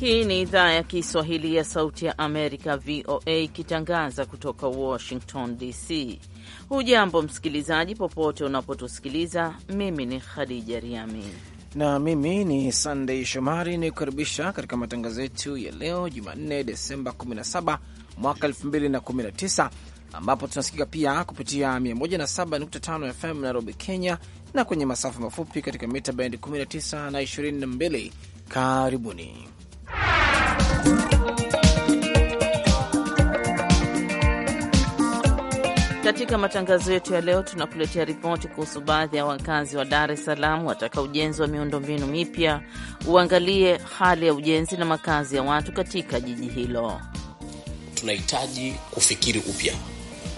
Hii ni idhaa ya Kiswahili ya Sauti ya Amerika, VOA, ikitangaza kutoka Washington DC. Hujambo msikilizaji, popote unapotusikiliza. Mimi ni Khadija Riami na mimi ni Sandei Shomari inayokaribisha katika matangazo yetu ya leo Jumanne, Desemba 17 mwaka 2019 ambapo tunasikika pia kupitia 107.5 FM Nairobi, Kenya, na kwenye masafa mafupi katika mita bendi 19 na 22. Karibuni katika matangazo yetu ya leo tunakuletea ripoti kuhusu baadhi ya wakazi wa Dar es Salaam wataka ujenzi wa miundombinu mipya uangalie hali ya ujenzi na makazi ya watu katika jiji hilo. Tunahitaji kufikiri upya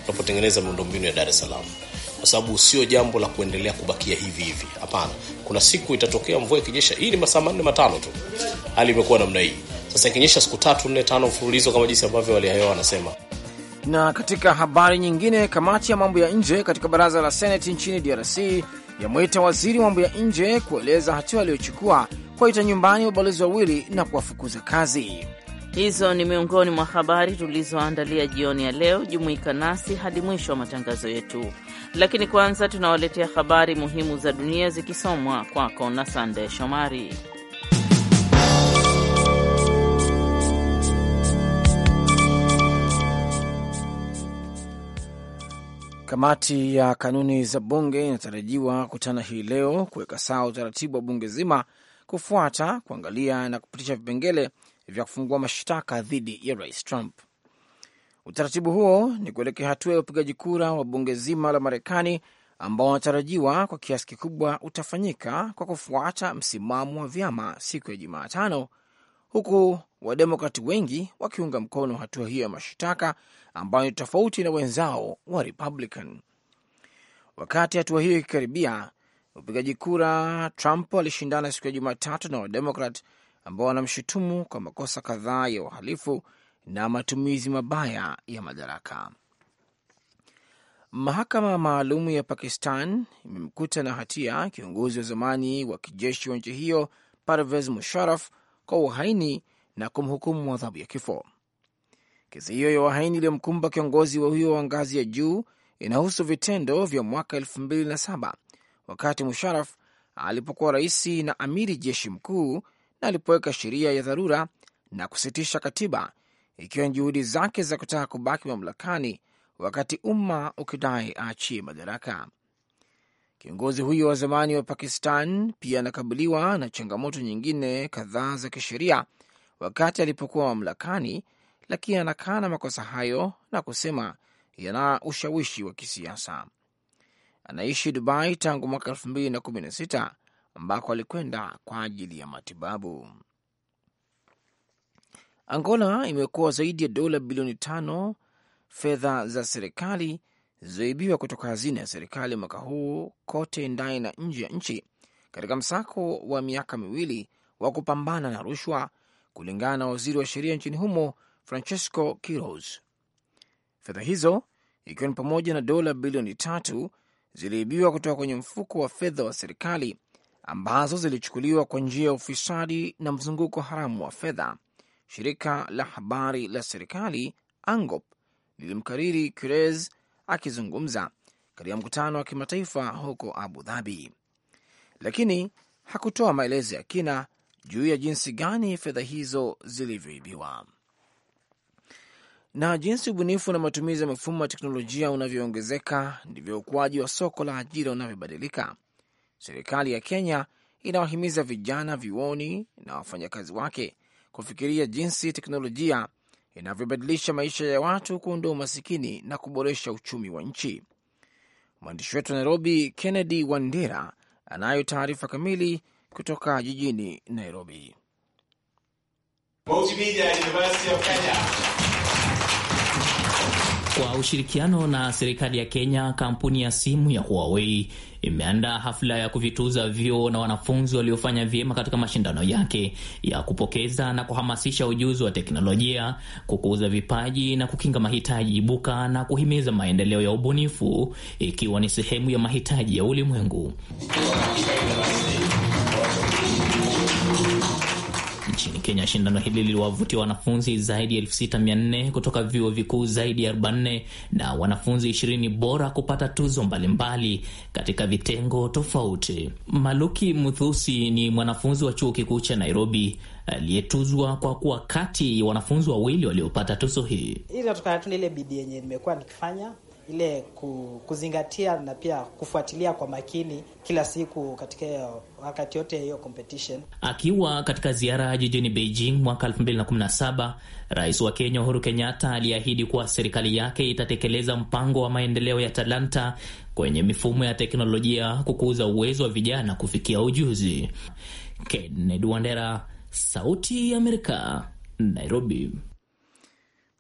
tunapotengeneza miundombinu ya Dar es Salaam, kwa sababu sio jambo la kuendelea kubakia hivi hivi. Hapana, kuna siku itatokea mvua ikinyesha. Hii ni masaa manne matano tu, hali imekuwa namna hii sasa, ikinyesha siku tatu nne tano mfululizo kama jinsi ambavyo hali hayo wanasema. Na katika habari nyingine, kamati ya mambo ya nje katika baraza la seneti nchini DRC yamwita waziri wa mambo ya nje kueleza hatua aliyochukua kuwaita nyumbani wabalozi wawili na kuwafukuza kazi. Hizo ni miongoni mwa habari tulizoandalia jioni ya leo. Jumuika nasi hadi mwisho wa matangazo yetu, lakini kwanza tunawaletea habari muhimu za dunia zikisomwa kwako na Sande Shomari. Kamati ya kanuni za bunge inatarajiwa kukutana hii leo kuweka sawa utaratibu wa bunge zima kufuata kuangalia na kupitisha vipengele vya kufungua mashtaka dhidi ya rais Trump. Utaratibu huo ni kuelekea hatua ya upigaji kura wa bunge zima la Marekani ambao wanatarajiwa kwa kiasi kikubwa utafanyika kwa kufuata msimamo wa vyama siku ya Jumatano, huku wademokrati wengi wakiunga mkono hatua hiyo ya mashtaka ambayo ni tofauti na wenzao wa Republican. Wakati hatua hiyo ikikaribia upigaji kura, Trump alishindana siku ya Jumatatu na wademokrat ambao wanamshutumu kwa makosa kadhaa ya uhalifu na matumizi mabaya ya madaraka. Mahakama maalum ya Pakistan imemkuta na hatia kiongozi wa zamani wa kijeshi wa nchi hiyo Parvez Musharaf kwa uhaini na kumhukumu adhabu ya kifo. Kesi hiyo ya uhaini iliyomkumba kiongozi wa huyo wa ngazi ya juu inahusu vitendo vya mwaka elfu mbili na saba wakati Musharaf alipokuwa raisi na amiri jeshi mkuu na alipoweka sheria ya dharura na kusitisha katiba, ikiwa ni juhudi zake za kutaka kubaki mamlakani wakati umma ukidai aachie madaraka. Kiongozi huyo wa zamani wa Pakistan pia anakabiliwa na changamoto nyingine kadhaa za kisheria wakati alipokuwa mamlakani, lakini anakana makosa hayo na kusema yana ushawishi wa kisiasa. Anaishi Dubai tangu mwaka 2016 ambako alikwenda kwa ajili ya matibabu. Angola imekuwa zaidi ya dola bilioni tano fedha za serikali zilizoibiwa kutoka hazina ya serikali mwaka huu kote ndani na nje ya nchi katika msako wa miaka miwili wa kupambana na rushwa, kulingana na waziri wa sheria nchini humo Francesco Quiroz. Fedha hizo ikiwa ni pamoja na dola bilioni tatu ziliibiwa kutoka kwenye mfuko wa fedha wa serikali ambazo zilichukuliwa kwa njia ya ufisadi na mzunguko haramu wa fedha. Shirika la habari la serikali ANGOP lilimkariri Kurez akizungumza katika mkutano wa kimataifa huko Abu Dhabi, lakini hakutoa maelezo ya kina juu ya jinsi gani fedha hizo zilivyoibiwa na jinsi ubunifu na matumizi ya mifumo ya teknolojia unavyoongezeka ndivyo ukuaji wa soko la ajira unavyobadilika, serikali ya Kenya inawahimiza vijana vioni na wafanyakazi wake kufikiria jinsi teknolojia inavyobadilisha maisha ya watu, kuondoa umasikini na kuboresha uchumi wa nchi. Mwandishi wetu wa Nairobi, Kennedy Wandera, anayo taarifa kamili kutoka jijini Nairobi. Multimedia University of Kenya. Kwa ushirikiano na serikali ya Kenya, kampuni ya simu ya Huawei imeandaa hafla ya kuvituza vyuo na wanafunzi waliofanya vyema katika mashindano yake ya kupokeza na kuhamasisha ujuzi wa teknolojia, kukuza vipaji na kukinga mahitaji ibuka na kuhimiza maendeleo ya ubunifu, ikiwa ni sehemu ya mahitaji ya ulimwengu. Nchini Kenya, shindano hili liliwavutia wanafunzi zaidi ya elfu sita mia nne kutoka vyuo vikuu zaidi ya 40 na wanafunzi ishirini bora kupata tuzo mbalimbali mbali katika vitengo tofauti. Maluki Muthusi ni mwanafunzi wa chuo kikuu cha Nairobi aliyetuzwa kwa kuwa kati ya wanafunzi wawili waliopata tuzo hii. Inatokana tu na ile bidii yenye nimekuwa nikifanya ile kuzingatia na pia kufuatilia kwa makini kila siku katika wakati yote hiyo competition. Akiwa katika ziara jijini Beijing mwaka 2017, Rais wa Kenya Uhuru Kenyatta aliahidi kuwa serikali yake itatekeleza mpango wa maendeleo ya talanta kwenye mifumo ya teknolojia kukuza uwezo wa vijana kufikia ujuzi. Kennedy Wandera, Sauti ya Amerika, Nairobi.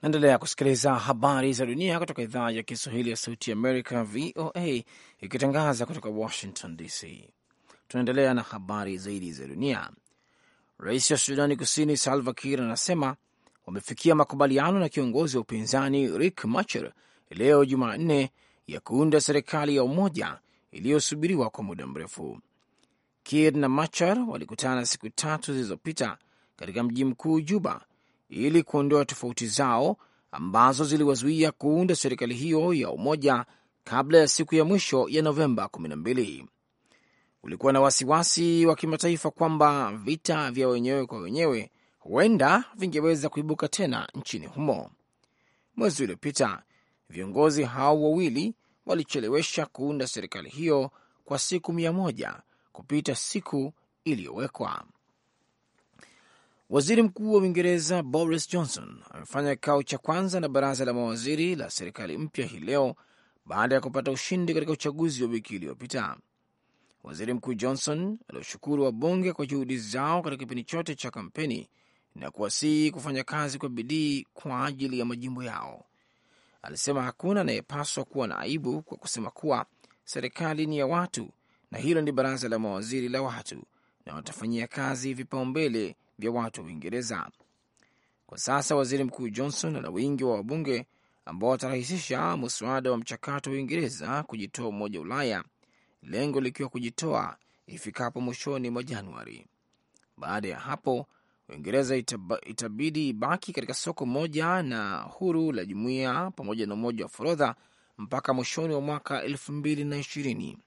Naendelea kusikiliza habari za dunia kutoka idhaa ya Kiswahili ya Sauti ya Amerika, VOA, ikitangaza kutoka Washington DC. Tunaendelea na habari zaidi za dunia. Rais wa Sudani Kusini Salva Kiir anasema wamefikia makubaliano na kiongozi wa upinzani Riek Machar leo Jumanne ya kuunda serikali ya umoja iliyosubiriwa kwa muda mrefu. Kiir na Machar walikutana siku tatu zilizopita katika mji mkuu Juba ili kuondoa tofauti zao ambazo ziliwazuia kuunda serikali hiyo ya umoja kabla ya siku ya mwisho ya Novemba 12. Kulikuwa na wasiwasi wa kimataifa kwamba vita vya wenyewe kwa wenyewe huenda vingeweza kuibuka tena nchini humo. Mwezi uliopita viongozi hao wawili walichelewesha kuunda serikali hiyo kwa siku mia moja kupita siku iliyowekwa. Waziri Mkuu wa Uingereza Boris Johnson amefanya kikao cha kwanza na baraza la mawaziri la serikali mpya hii leo baada ya kupata ushindi katika uchaguzi wa wiki iliyopita. Waziri Mkuu Johnson aliwashukuru wabunge kwa juhudi zao katika kipindi chote cha kampeni na kuwasihi kufanya kazi kwa bidii kwa ajili ya majimbo yao. Alisema hakuna anayepaswa kuwa na aibu kwa kusema kuwa serikali ni ya watu na hilo ni baraza la mawaziri la watu, na watafanyia kazi vipaumbele vya watu wa Uingereza. Kwa sasa waziri mkuu Johnson ana wingi wa wabunge ambao watarahisisha mswada wa mchakato wa Uingereza kujitoa Umoja wa Ulaya, lengo likiwa kujitoa ifikapo mwishoni mwa Januari. Baada ya hapo, Uingereza itabidi baki katika soko moja na huru la jumuiya pamoja na umoja wa forodha mpaka mwishoni wa mwaka elfu mbili na ishirini.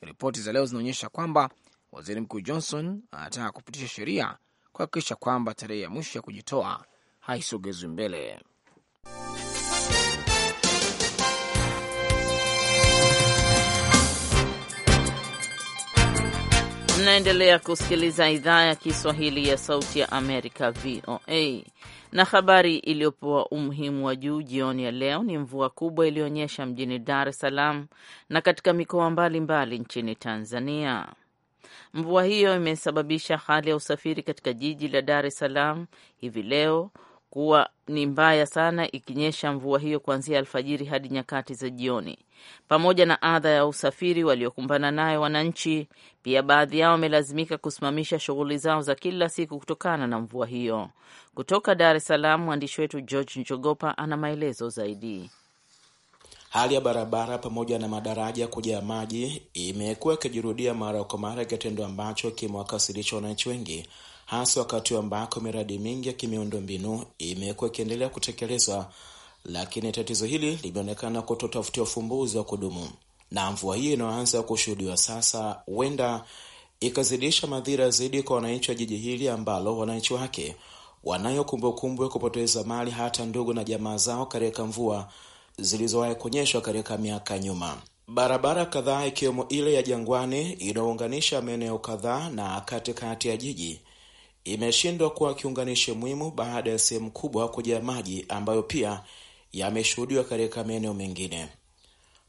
Ripoti za leo zinaonyesha kwamba waziri mkuu Johnson anataka kupitisha sheria kuhakikisha kwamba tarehe ya mwisho ya kujitoa haisogezwi mbele. Mnaendelea kusikiliza idhaa ya Kiswahili ya Sauti ya Amerika, VOA. Na habari iliyopewa umuhimu wa juu jioni ya leo ni mvua kubwa iliyoonyesha mjini Dar es Salaam na katika mikoa mbalimbali nchini Tanzania. Mvua hiyo imesababisha hali ya usafiri katika jiji la Dar es Salaam hivi leo kuwa ni mbaya sana, ikinyesha mvua hiyo kuanzia alfajiri hadi nyakati za jioni. Pamoja na adha ya usafiri waliokumbana nayo wananchi, pia baadhi yao wamelazimika kusimamisha shughuli zao za kila siku kutokana na mvua hiyo. Kutoka Dar es Salaam, mwandishi wetu George Njogopa ana maelezo zaidi. Hali ya barabara pamoja na madaraja kujaa maji imekuwa ikijirudia mara kwa mara, kitendo ambacho kimewakasirisha wananchi wengi, hasa wakati ambako miradi mingi ya kimiundombinu imekuwa ikiendelea kutekelezwa, lakini tatizo hili limeonekana kutotafutia ufumbuzi wa kudumu, na mvua hiyo inayoanza kushuhudiwa sasa huenda ikazidisha madhira zaidi kwa wananchi wa jiji hili ambalo wananchi wake wanayo kumbukumbu ya kupoteza mali hata ndugu na jamaa zao katika mvua zilizowahi kuonyeshwa katika miaka nyuma. Barabara kadhaa ikiwemo ile ya Jangwani inayounganisha maeneo kadhaa na katikati ya jiji imeshindwa kuwa kiunganishi muhimu baada ya sehemu kubwa kujaa maji ambayo pia yameshuhudiwa katika maeneo mengine.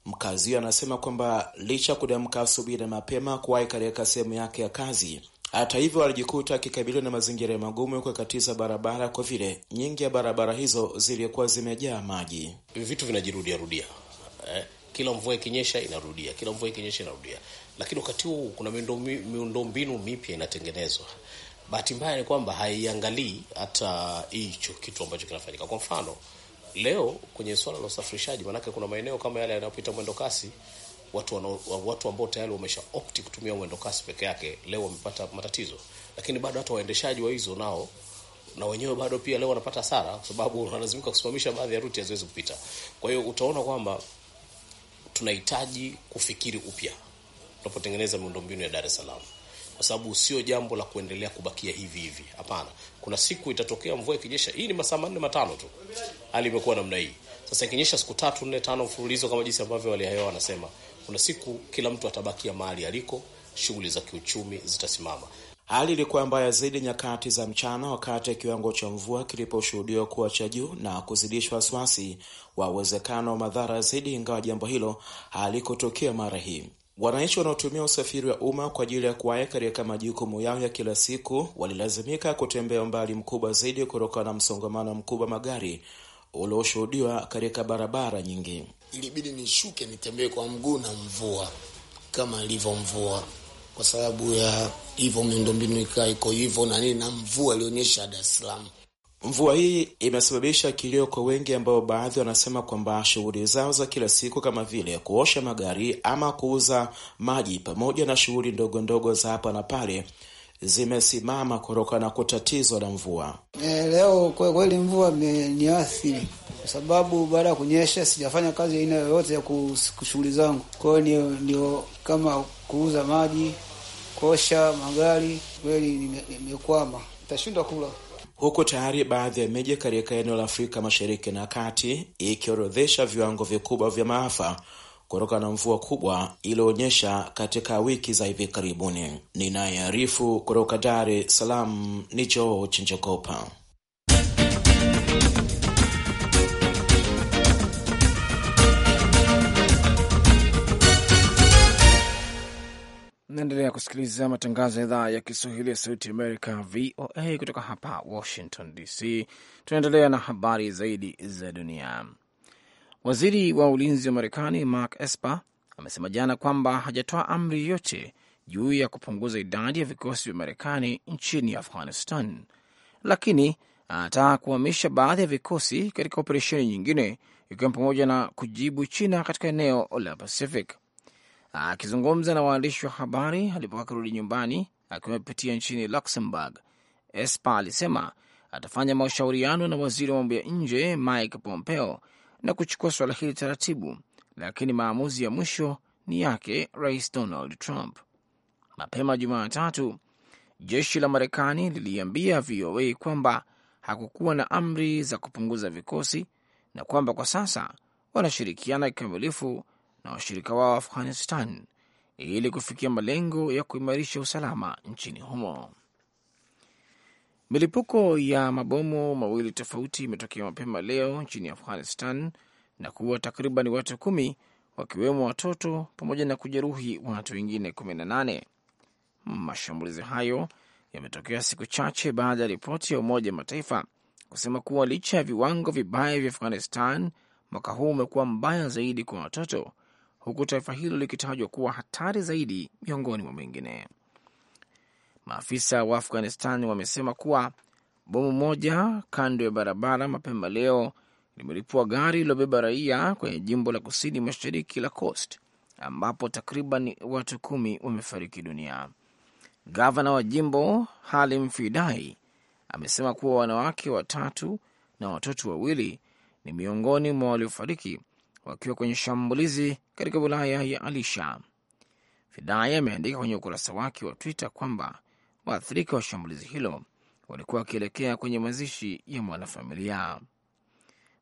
Mkazi huyo anasema kwamba licha kudamka asubuhi na mapema kuwahi katika sehemu yake ya kazi, hata hivyo, alijikuta akikabiliwa na mazingira magumu ya kukatiza barabara kwa vile nyingi ya barabara hizo zilikuwa zimejaa maji. Vitu vinajirudia rudia eh? Kila mvua ikinyesha inarudia, kila mvua ikinyesha inarudia, lakini wakati huu kuna miundombinu mipya inatengenezwa. Bahati mbaya ni kwamba haiangalii hata hicho kitu ambacho kinafanyika. Kwa mfano leo kwenye swala la usafirishaji, maanake kuna maeneo kama yale yanayopita mwendo kasi watu wana, watu ambao tayari wamesha opti kutumia mwendo kasi peke yake leo wamepata matatizo, lakini bado hata waendeshaji wa hizo nao na wenyewe bado pia leo wanapata hasara, kwa sababu wanalazimika kusimamisha baadhi ya ruti haziwezi kupita. Kwa hiyo utaona kwamba tunahitaji kufikiri upya tunapotengeneza miundombinu ya Dar es Salaam, kwa sababu sio jambo la kuendelea kubakia hivi hivi. Hapana, kuna siku itatokea mvua ikinyesha. Hii ni masaa manne matano tu, hali imekuwa namna hii sasa. Ikinyesha siku tatu nne tano mfululizo, kama jinsi ambavyo walihewa wanasema kuna siku kila mtu atabakia mahali aliko, shughuli za kiuchumi zitasimama. Hali ilikuwa mbaya zaidi nyakati za mchana, wakati kiwango cha mvua kiliposhuhudiwa kuwa cha juu na kuzidisha wasiwasi wa uwezekano wa madhara zaidi, ingawa jambo hilo halikotokea mara hii. Wananchi wanaotumia usafiri wa umma kwa ajili ya kuwaya katika majukumu yao ya kila siku walilazimika kutembea umbali mkubwa zaidi kutokana na msongamano mkubwa magari ulioshuhudiwa katika barabara nyingi ilibidi nishuke nitembee kwa mguu na mvua kama ilivyo mvua, kwa sababu ya hivyo miundombinu ikaa iko hivyo na nini, na mvua ilionyesha Dar es Salaam. Mvua hii imesababisha kilio kwa wengi, ambao baadhi wanasema kwamba shughuli zao za kila siku kama vile kuosha magari ama kuuza maji pamoja na shughuli ndogo ndogo za hapa na pale zimesimama kutokana na kutatizwa na mvua. E, leo kweli mvua imeniathiri kwa sababu baada ya kunyesha sijafanya kazi aina yoyote ya kushughuli zangu. Kwa hiyo ndio kama kuuza maji, kosha magari, kweli nimekwama, nitashindwa kula huku tayari baadhi ya miji katika eneo la Afrika Mashariki na Kati ikiorodhesha viwango vikubwa vya maafa kutokana na mvua kubwa iliyoonyesha katika wiki za hivi karibuni. Ninayearifu kutoka Dar es Salaam ni George Njogopa. Naendelea kusikiliza matangazo ya idhaa ya Kiswahili ya Sauti Amerika, VOA, kutoka hapa Washington DC. Tunaendelea na habari zaidi za dunia. Waziri wa ulinzi wa Marekani Mark Esper amesema jana kwamba hajatoa amri yoyote juu ya kupunguza idadi ya vikosi vya Marekani nchini Afghanistan, lakini anataka kuhamisha baadhi ya vikosi katika operesheni nyingine, ikiwa pamoja na kujibu China katika eneo la Pacific. Akizungumza na waandishi wa habari alipokuwa akirudi nyumbani akiwa amepitia nchini Luxembourg, Esper alisema atafanya mashauriano na waziri wa mambo ya nje Mike Pompeo na kuchukua suala hili taratibu, lakini maamuzi ya mwisho ni yake Rais Donald Trump. Mapema Jumatatu, jeshi la Marekani liliambia VOA kwamba hakukuwa na amri za kupunguza vikosi na kwamba kwa sasa wanashirikiana kikamilifu na washirika wao wa Afghanistan ili kufikia malengo ya kuimarisha usalama nchini humo. Milipuko ya mabomu mawili tofauti imetokea mapema leo nchini Afghanistan na kuua takriban watu kumi wakiwemo watoto pamoja na kujeruhi watu wengine kumi na nane. Mashambulizi hayo yametokea siku chache baada ya ripoti ya Umoja wa Mataifa kusema kuwa licha ya viwango vibaya vya Afghanistan, mwaka huu umekuwa mbaya zaidi kwa watoto, huku taifa hilo likitajwa kuwa hatari zaidi miongoni mwa mengine. Maafisa wa Afghanistan wamesema kuwa bomu moja kando ya barabara mapema leo limelipua gari lilobeba raia kwenye jimbo la kusini mashariki la Coast ambapo takriban watu kumi wamefariki dunia. Gavana wa jimbo Halim Fidai amesema kuwa wanawake watatu na watoto wawili ni miongoni mwa waliofariki wakiwa kwenye shambulizi katika wilaya ya Alisha. Fidai ameandika kwenye ukurasa wake wa Twitter kwamba Waathirika wa shambulizi hilo walikuwa wakielekea kwenye mazishi ya mwanafamilia.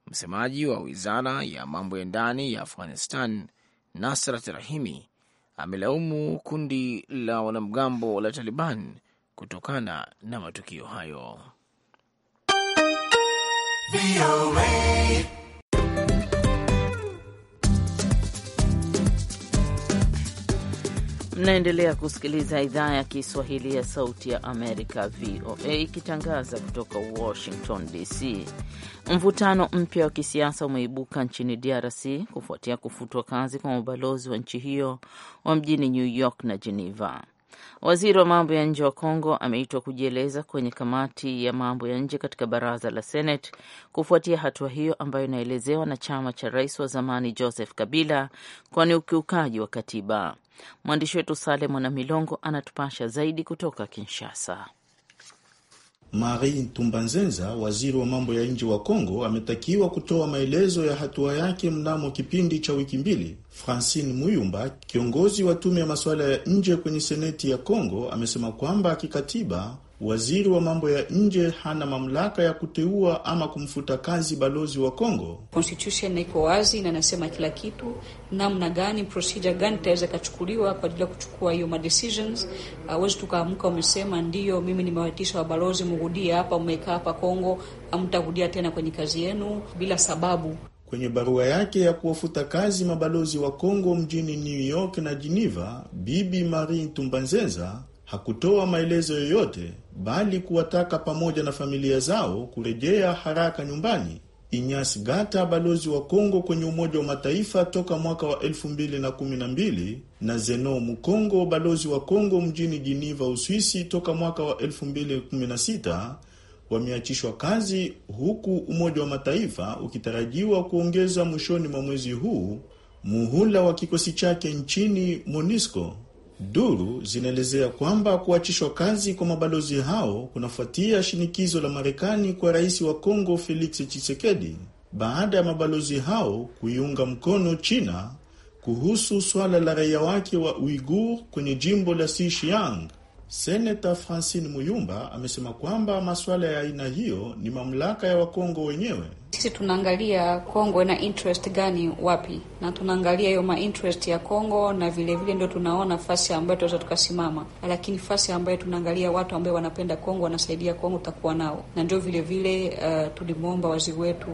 Msemaji wa wizara ya mambo ya ndani ya Afghanistan, Nasrat Rahimi, amelaumu kundi la wanamgambo la Taliban kutokana na matukio hayo. Mnaendelea kusikiliza idhaa ya Kiswahili ya Sauti ya Amerika, VOA, ikitangaza kutoka Washington DC. Mvutano mpya wa kisiasa umeibuka nchini DRC kufuatia kufutwa kazi kwa mabalozi wa nchi hiyo wa mjini New York na Geneva. Waziri wa mambo ya nje wa Kongo ameitwa kujieleza kwenye kamati ya mambo ya nje katika baraza la Seneti kufuatia hatua hiyo ambayo inaelezewa na chama cha rais wa zamani Joseph Kabila kwani ukiukaji wa katiba. Mwandishi wetu Sale Mwanamilongo Milongo anatupasha zaidi kutoka Kinshasa. Marie tumbanzenza waziri wa mambo ya nje wa Kongo, ametakiwa kutoa maelezo ya hatua yake mnamo kipindi cha wiki mbili. Francine Muyumba, kiongozi wa tume ya masuala ya nje kwenye seneti ya Kongo, amesema kwamba kikatiba waziri wa mambo ya nje hana mamlaka ya kuteua ama kumfuta kazi balozi wa Kongo. Constitution iko wazi na inasema kila kitu, namna gani, procedure gani itaweza ikachukuliwa kwa ajili ya kuchukua hiyo madecisions. Awezi tukaamka umesema ndiyo, mimi nimewaitisha wabalozi mrudie hapa, mmekaa hapa Kongo, hamtarudia tena kwenye kazi yenu bila sababu. Kwenye barua yake ya kuwafuta kazi mabalozi wa Kongo mjini New York na Geneva, Bibi Marie Tumbanzeza hakutoa maelezo yoyote bali kuwataka pamoja na familia zao kurejea haraka nyumbani. Inyas Gata, balozi wa Kongo kwenye Umoja wa Mataifa toka mwaka wa 2012 na Zeno Mukongo, balozi wa Kongo mjini Jiniva, Uswisi toka mwaka wa 2016 wameachishwa kazi huku Umoja wa Mataifa ukitarajiwa kuongeza mwishoni mwa mwezi huu muhula wa kikosi chake nchini MONUSCO. Duru zinaelezea kwamba kuachishwa kazi kwa mabalozi hao kunafuatia shinikizo la Marekani kwa rais wa Kongo Felix Tshisekedi baada ya mabalozi hao kuiunga mkono China kuhusu swala la raia wake wa Uigur kwenye jimbo la Xinjiang Seneta francin Muyumba amesema kwamba masuala ya aina hiyo ni mamlaka ya Wakongo wenyewe. Sisi tunaangalia Kongo ina interest gani wapi, na tunaangalia hiyo mainterest ya Kongo na vilevile vile ndio tunaona fasi ambayo tunaweza tukasimama, lakini fasi ambayo tunaangalia watu ambao wanapenda Kongo, wanasaidia Kongo, tutakuwa nao na ndio vilevile uh, tulimwomba waziri wetu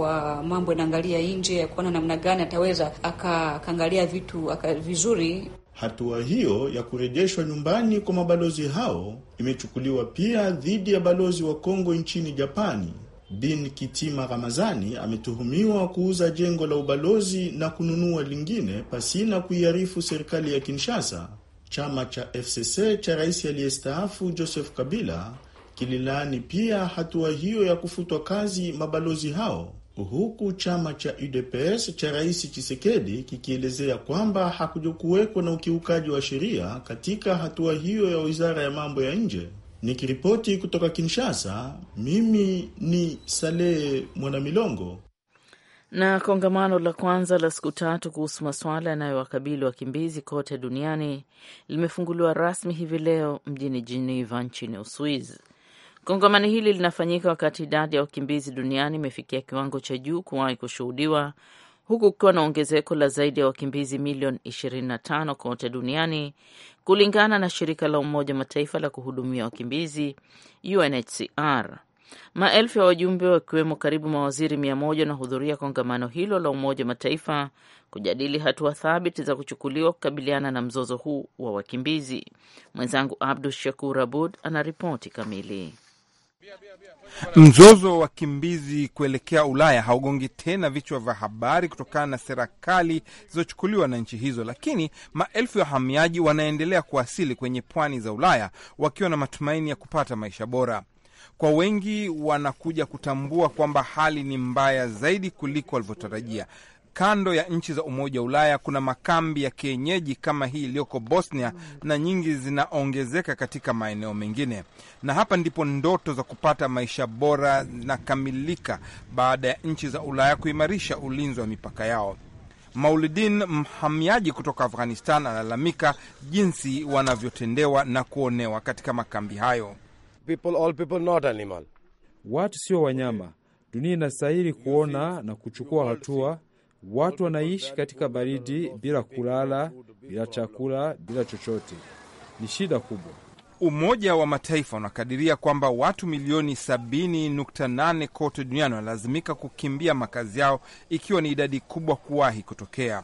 wa mambo inaangalia nje ya kuona namna gani ataweza akaangalia vitu aka vizuri Hatua hiyo ya kurejeshwa nyumbani kwa mabalozi hao imechukuliwa pia dhidi ya balozi wa Kongo nchini Japani. Bin Kitima Ramazani ametuhumiwa kuuza jengo la ubalozi na kununua lingine pasina kuiarifu serikali ya Kinshasa. Chama cha FCC cha rais aliyestaafu Joseph Kabila kililaani pia hatua hiyo ya kufutwa kazi mabalozi hao huku chama cha UDPS cha Rais Chisekedi kikielezea kwamba hakujakuwekwa na ukiukaji wa sheria katika hatua hiyo ya Wizara ya Mambo ya Nje. Nikiripoti kutoka Kinshasa, mimi ni mwana Mwanamilongo. Na kongamano la kwanza la siku tatu kuhusu masuala yanayowakabili wakimbizi kote duniani limefunguliwa rasmi hivi leo mjini Geneva nchini Uswizi. Kongamano hili linafanyika wakati idadi ya wakimbizi duniani imefikia kiwango cha juu kuwahi kushuhudiwa huku kukiwa na ongezeko la zaidi ya wakimbizi milioni 25 kote duniani kulingana na shirika la Umoja w Mataifa la kuhudumia wakimbizi UNHCR. Maelfu ya wajumbe wakiwemo karibu mawaziri mia moja wanahudhuria kongamano hilo la Umoja w Mataifa kujadili hatua thabiti za kuchukuliwa kukabiliana na mzozo huu wa wakimbizi. Mwenzangu Abdu Shakur Abud ana ripoti kamili. Mzozo wa wakimbizi kuelekea Ulaya haugongi tena vichwa vya habari kutokana na serikali zilizochukuliwa na nchi hizo, lakini maelfu ya wahamiaji wanaendelea kuwasili kwenye pwani za Ulaya wakiwa na matumaini ya kupata maisha bora. Kwa wengi wanakuja kutambua kwamba hali ni mbaya zaidi kuliko walivyotarajia kando ya nchi za Umoja wa Ulaya kuna makambi ya kienyeji kama hii iliyoko Bosnia na nyingi zinaongezeka katika maeneo mengine, na hapa ndipo ndoto za kupata maisha bora zinakamilika baada ya nchi za Ulaya kuimarisha ulinzi wa mipaka yao. Maulidin, mhamiaji kutoka Afghanistan, analalamika jinsi wanavyotendewa na kuonewa katika makambi hayo. People, all people, not animal. Watu sio wanyama. Dunia inastahili kuona na kuchukua hatua Watu wanaishi katika baridi bila kulala, bila chakula, bila chochote. Ni shida kubwa. Umoja wa Mataifa unakadiria kwamba watu milioni 70.8 kote duniani wanalazimika kukimbia makazi yao, ikiwa ni idadi kubwa kuwahi kutokea.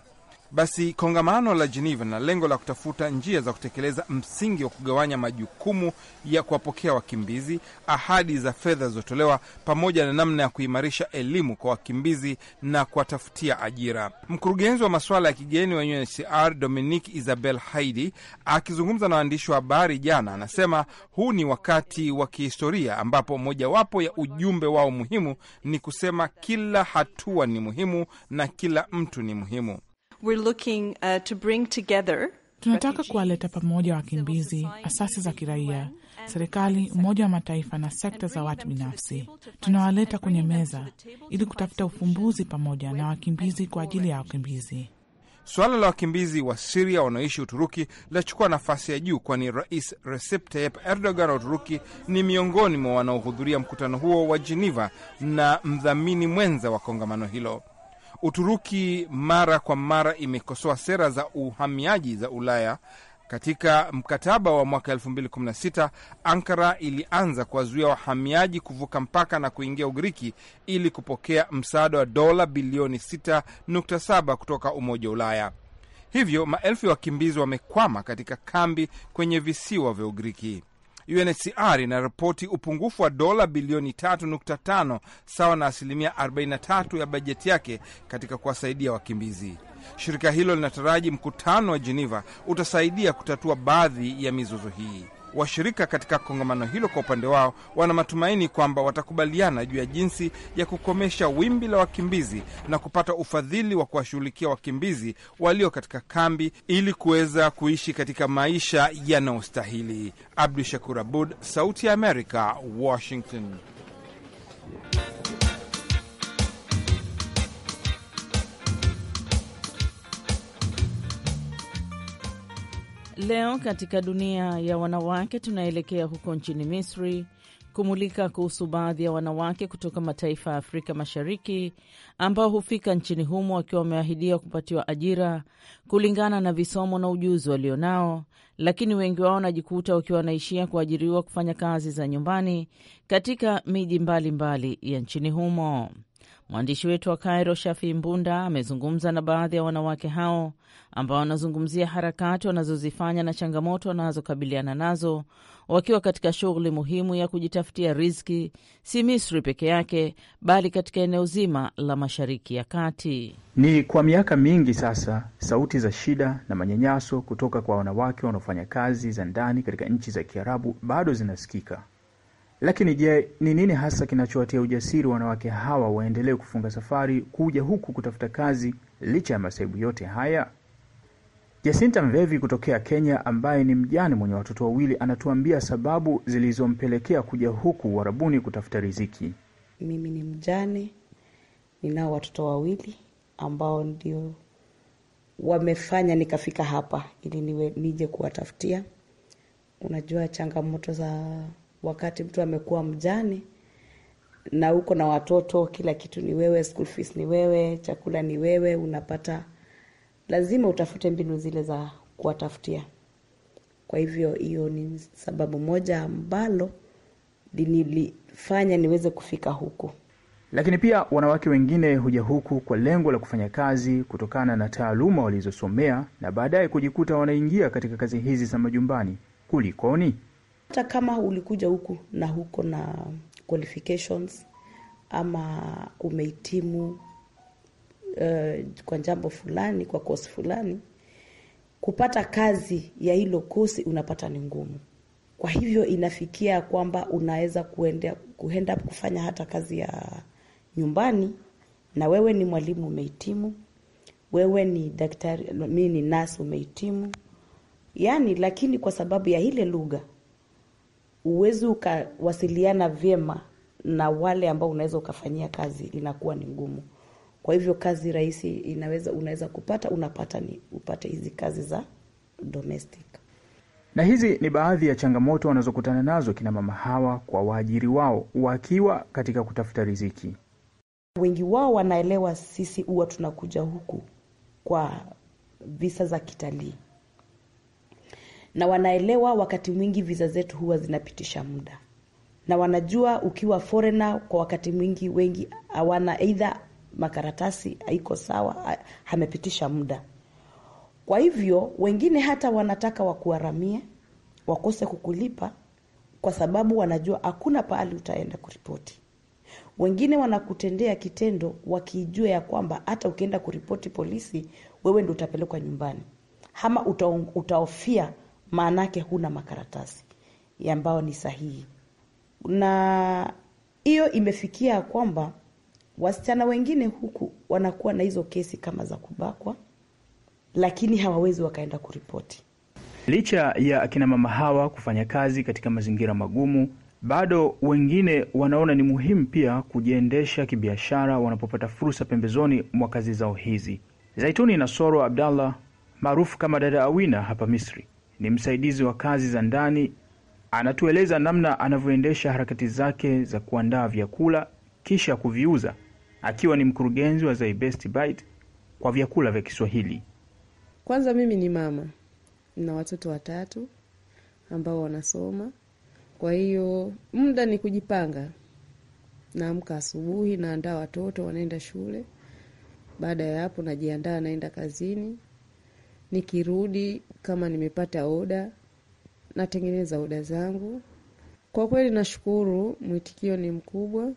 Basi kongamano la Geneva na lengo la kutafuta njia za kutekeleza msingi wa kugawanya majukumu ya kuwapokea wakimbizi, ahadi za fedha zilizotolewa, pamoja na namna ya kuimarisha elimu kwa wakimbizi na kuwatafutia ajira. Mkurugenzi wa masuala ya kigeni wa UNHCR Dominique Isabel Haidi akizungumza na waandishi wa habari jana, anasema huu ni wakati wa kihistoria ambapo mojawapo ya ujumbe wao muhimu ni kusema kila hatua ni muhimu na kila mtu ni muhimu. We're looking, uh, to bring together tunataka kuwaleta pamoja wakimbizi, asasi za kiraia, serikali, Umoja wa Mataifa na sekta za watu binafsi. Tunawaleta kwenye meza ili kutafuta ufumbuzi pamoja na wakimbizi kwa ajili ya wakimbizi. Suala la wakimbizi wa Siria wanaoishi Uturuki linachukua nafasi ya juu, kwani Rais Recep Tayyip Erdogan wa Uturuki ni miongoni mwa wanaohudhuria mkutano huo wa Jeneva na mdhamini mwenza wa kongamano hilo. Uturuki mara kwa mara imekosoa sera za uhamiaji za Ulaya. Katika mkataba wa mwaka 2016 Ankara ilianza kuwazuia wahamiaji kuvuka mpaka na kuingia Ugiriki ili kupokea msaada wa dola bilioni 6.7 kutoka Umoja wa Ulaya. Hivyo maelfu ya wakimbizi wamekwama katika kambi kwenye visiwa vya Ugiriki. UNHCR inaripoti upungufu wa dola bilioni 3.5 sawa na asilimia 43 ya bajeti yake katika kuwasaidia wakimbizi. Shirika hilo linataraji mkutano wa Geneva utasaidia kutatua baadhi ya mizozo hii. Washirika katika kongamano hilo kwa upande wao wana matumaini kwamba watakubaliana juu ya jinsi ya kukomesha wimbi la wakimbizi na kupata ufadhili wa kuwashughulikia wakimbizi walio katika kambi ili kuweza kuishi katika maisha yanayostahili. Abdu Shakur Abud, Sauti ya Amerika, Washington. Leo katika dunia ya wanawake, tunaelekea huko nchini Misri kumulika kuhusu baadhi ya wanawake kutoka mataifa ya Afrika Mashariki ambao hufika nchini humo wakiwa wameahidiwa kupatiwa ajira kulingana na visomo na ujuzi walionao, lakini wengi wao wanajikuta wakiwa wanaishia kuajiriwa kufanya kazi za nyumbani katika miji mbalimbali ya nchini humo. Mwandishi wetu wa Kairo, Shafi Mbunda, amezungumza na baadhi ya wanawake hao ambao wanazungumzia harakati wanazozifanya na changamoto wanazokabiliana nazo wakiwa katika shughuli muhimu ya kujitafutia riziki, si Misri peke yake, bali katika eneo zima la Mashariki ya Kati. Ni kwa miaka mingi sasa, sauti za shida na manyanyaso kutoka kwa wanawake wanaofanya kazi za ndani katika nchi za Kiarabu bado zinasikika lakini je, ni nini hasa kinachowatia ujasiri wanawake hawa waendelee kufunga safari kuja huku kutafuta kazi licha ya masaibu yote haya? Jacinta Mvevi kutokea Kenya, ambaye ni mjane mwenye watoto wawili, anatuambia sababu zilizompelekea kuja huku Uarabuni kutafuta riziki. Mimi ni mjane, ninao watoto wawili ambao ndio wamefanya nikafika hapa ili niwe nije kuwatafutia. Unajua changamoto za wakati mtu amekuwa mjane na uko na watoto, kila kitu ni wewe, school fees ni wewe, chakula ni wewe, unapata lazima utafute mbinu zile za kuwatafutia. Kwa hivyo hiyo ni sababu moja ambalo linilifanya niweze kufika huku. Lakini pia wanawake wengine huja huku kwa lengo la kufanya kazi kutokana na taaluma walizosomea na baadaye kujikuta wanaingia katika kazi hizi za majumbani. Kulikoni? hata kama ulikuja huku na huko na qualifications ama umehitimu uh, kwa jambo fulani, kwa kosi fulani, kupata kazi ya hilo kosi unapata ni ngumu. Kwa hivyo inafikia kwamba unaweza kuenda, kuenda kufanya hata kazi ya nyumbani, na wewe ni mwalimu umehitimu, wewe ni daktari, mimi ni nasi umehitimu, yani, lakini kwa sababu ya ile lugha uwezi ukawasiliana vyema na wale ambao unaweza ukafanyia kazi, inakuwa ni ngumu. Kwa hivyo kazi rahisi inaweza unaweza kupata unapata ni upate hizi kazi za domestic. Na hizi ni baadhi ya changamoto wanazokutana nazo kina mama hawa kwa waajiri wao wakiwa katika kutafuta riziki. Wengi wao wanaelewa, sisi huwa tunakuja huku kwa visa za kitalii na wanaelewa. Wakati mwingi viza zetu huwa zinapitisha muda, na wanajua ukiwa foreigner kwa wakati mwingi, wengi hawana eidha makaratasi haiko sawa, amepitisha muda. Kwa hivyo wengine hata wanataka wakuharamie, wakose kukulipa kwa sababu wanajua hakuna pahali utaenda kuripoti. Wengine wanakutendea kitendo wakijua ya kwamba hata ukienda kuripoti polisi, wewe ndo utapelekwa nyumbani ama utaofia maanake huna makaratasi ambayo ni sahihi, na hiyo imefikia kwamba wasichana wengine huku wanakuwa na hizo kesi kama za kubakwa, lakini hawawezi wakaenda kuripoti. Licha ya akinamama hawa kufanya kazi katika mazingira magumu, bado wengine wanaona ni muhimu pia kujiendesha kibiashara wanapopata fursa pembezoni mwa kazi zao hizi. Zaituni Nasoro Abdallah maarufu kama Dada Awina hapa Misri ni msaidizi wa kazi za ndani. Anatueleza namna anavyoendesha harakati zake za kuandaa vyakula kisha kuviuza, akiwa ni mkurugenzi wa The Best Bite kwa vyakula vya Kiswahili. Kwanza mimi ni mama na watoto watatu ambao wanasoma, kwa hiyo muda ni kujipanga. Naamka asubuhi, naandaa watoto wanaenda shule. Baada ya hapo, najiandaa naenda kazini. Nikirudi kama nimepata oda, natengeneza oda zangu. Kwa kweli nashukuru, mwitikio ni mkubwa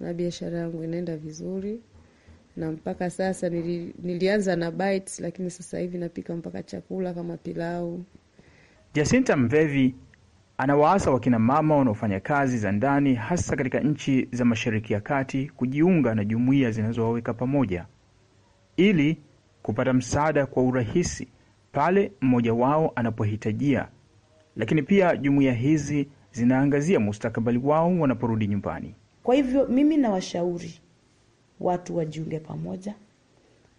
na biashara yangu inaenda vizuri, na mpaka sasa nili, nilianza na bites, lakini sasa hivi napika mpaka chakula kama pilau. Jacinta Mvevi anawaasa wakina mama wanaofanya kazi za ndani hasa katika nchi za Mashariki ya Kati kujiunga na jumuiya zinazowaweka pamoja ili kupata msaada kwa urahisi pale mmoja wao anapohitajia, lakini pia jumuiya hizi zinaangazia mustakabali wao wanaporudi nyumbani. Kwa hivyo mimi nawashauri watu wajiunge pamoja,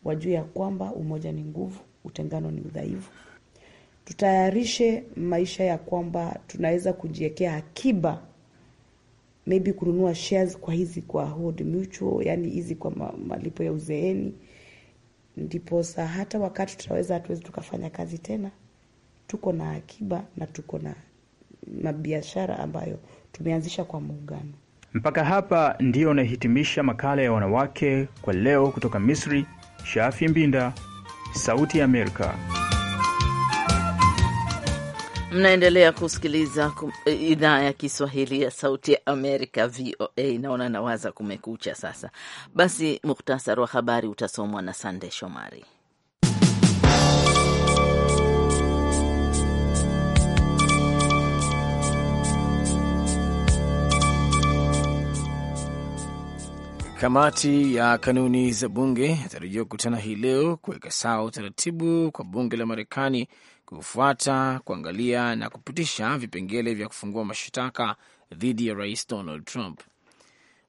wajue ya kwamba umoja ni nguvu, utengano ni udhaifu. Tutayarishe maisha ya kwamba tunaweza kujiwekea akiba, maybe kununua shares kwa hizi kwa Hod Mutual, yani hizi kwa malipo ya uzeeni Ndiposa hata wakati tutaweza, hatuwezi tukafanya kazi tena, tuko na akiba na tuko na mabiashara ambayo tumeanzisha kwa muungano. Mpaka hapa ndiyo unahitimisha makala ya wanawake kwa leo, kutoka Misri. Shafi Mbinda, Sauti ya Amerika. Mnaendelea kusikiliza idhaa ya Kiswahili ya Sauti ya Amerika, VOA. Naona nawaza kumekucha sasa. Basi, muhtasari wa habari utasomwa na Sande Shomari. Kamati ya kanuni za bunge inatarajiwa kukutana hii leo kuweka sawa utaratibu kwa bunge la Marekani kufuata, kuangalia na kupitisha vipengele vya kufungua mashtaka dhidi ya rais Donald Trump.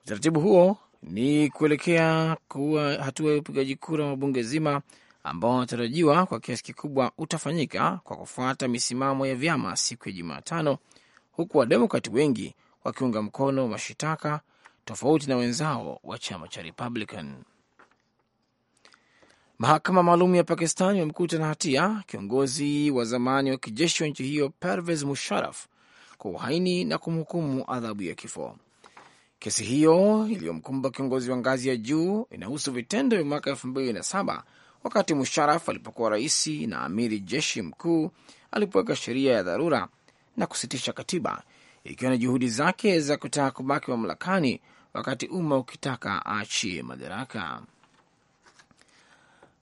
Utaratibu huo ni kuelekea kuwa hatua ya upigaji kura wa bunge zima ambao wanatarajiwa kwa kiasi kikubwa utafanyika kwa kufuata misimamo ya vyama siku ya Jumatano, huku Wademokrati wengi wakiunga mkono mashitaka tofauti na wenzao wa chama cha Republican. Mahakama maalum ya Pakistan imemkuta na hatia kiongozi wa zamani wa kijeshi wa nchi hiyo Pervez Musharraf kwa uhaini na kumhukumu adhabu ya kifo. Kesi hiyo iliyomkumba kiongozi wa ngazi ya juu inahusu vitendo vya mwaka elfu mbili na saba wakati Musharaf alipokuwa rais na amiri jeshi mkuu alipoweka sheria ya dharura na kusitisha katiba, ikiwa na juhudi zake za kutaka kubaki mamlakani wakati umma ukitaka aachie madaraka.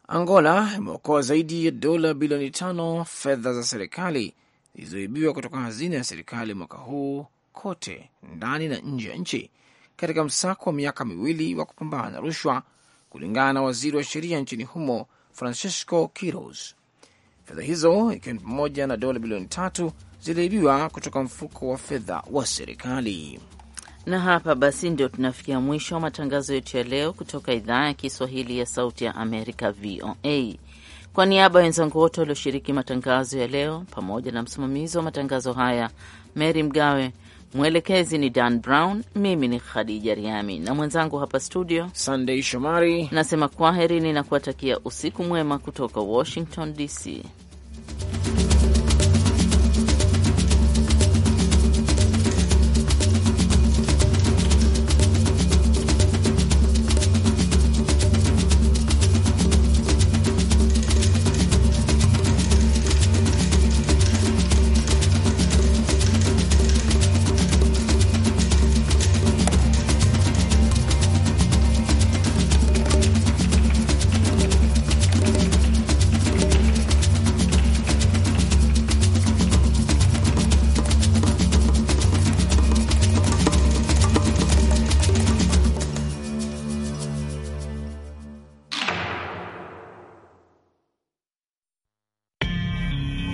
Angola imeokoa zaidi ya dola bilioni tano fedha za serikali zilizoibiwa kutoka hazina ya serikali mwaka huu kote ndani na nje ya nchi katika msako wa miaka miwili wa kupambana na rushwa, kulingana na waziri wa sheria nchini humo Francisco Quiros. Fedha hizo ikiwa ni pamoja na dola bilioni tatu ziliibiwa kutoka mfuko wa fedha wa serikali. Na hapa basi ndio tunafikia mwisho wa matangazo yetu ya leo kutoka idhaa ya Kiswahili ya Sauti ya Amerika, VOA. Kwa niaba ya wenzangu wote walioshiriki matangazo ya leo pamoja na msimamizi wa matangazo haya Mary Mgawe, mwelekezi ni Dan Brown, mimi ni Khadija Riami na mwenzangu hapa studio Sandei Shomari, nasema kwaherini na kuwatakia usiku mwema kutoka Washington DC.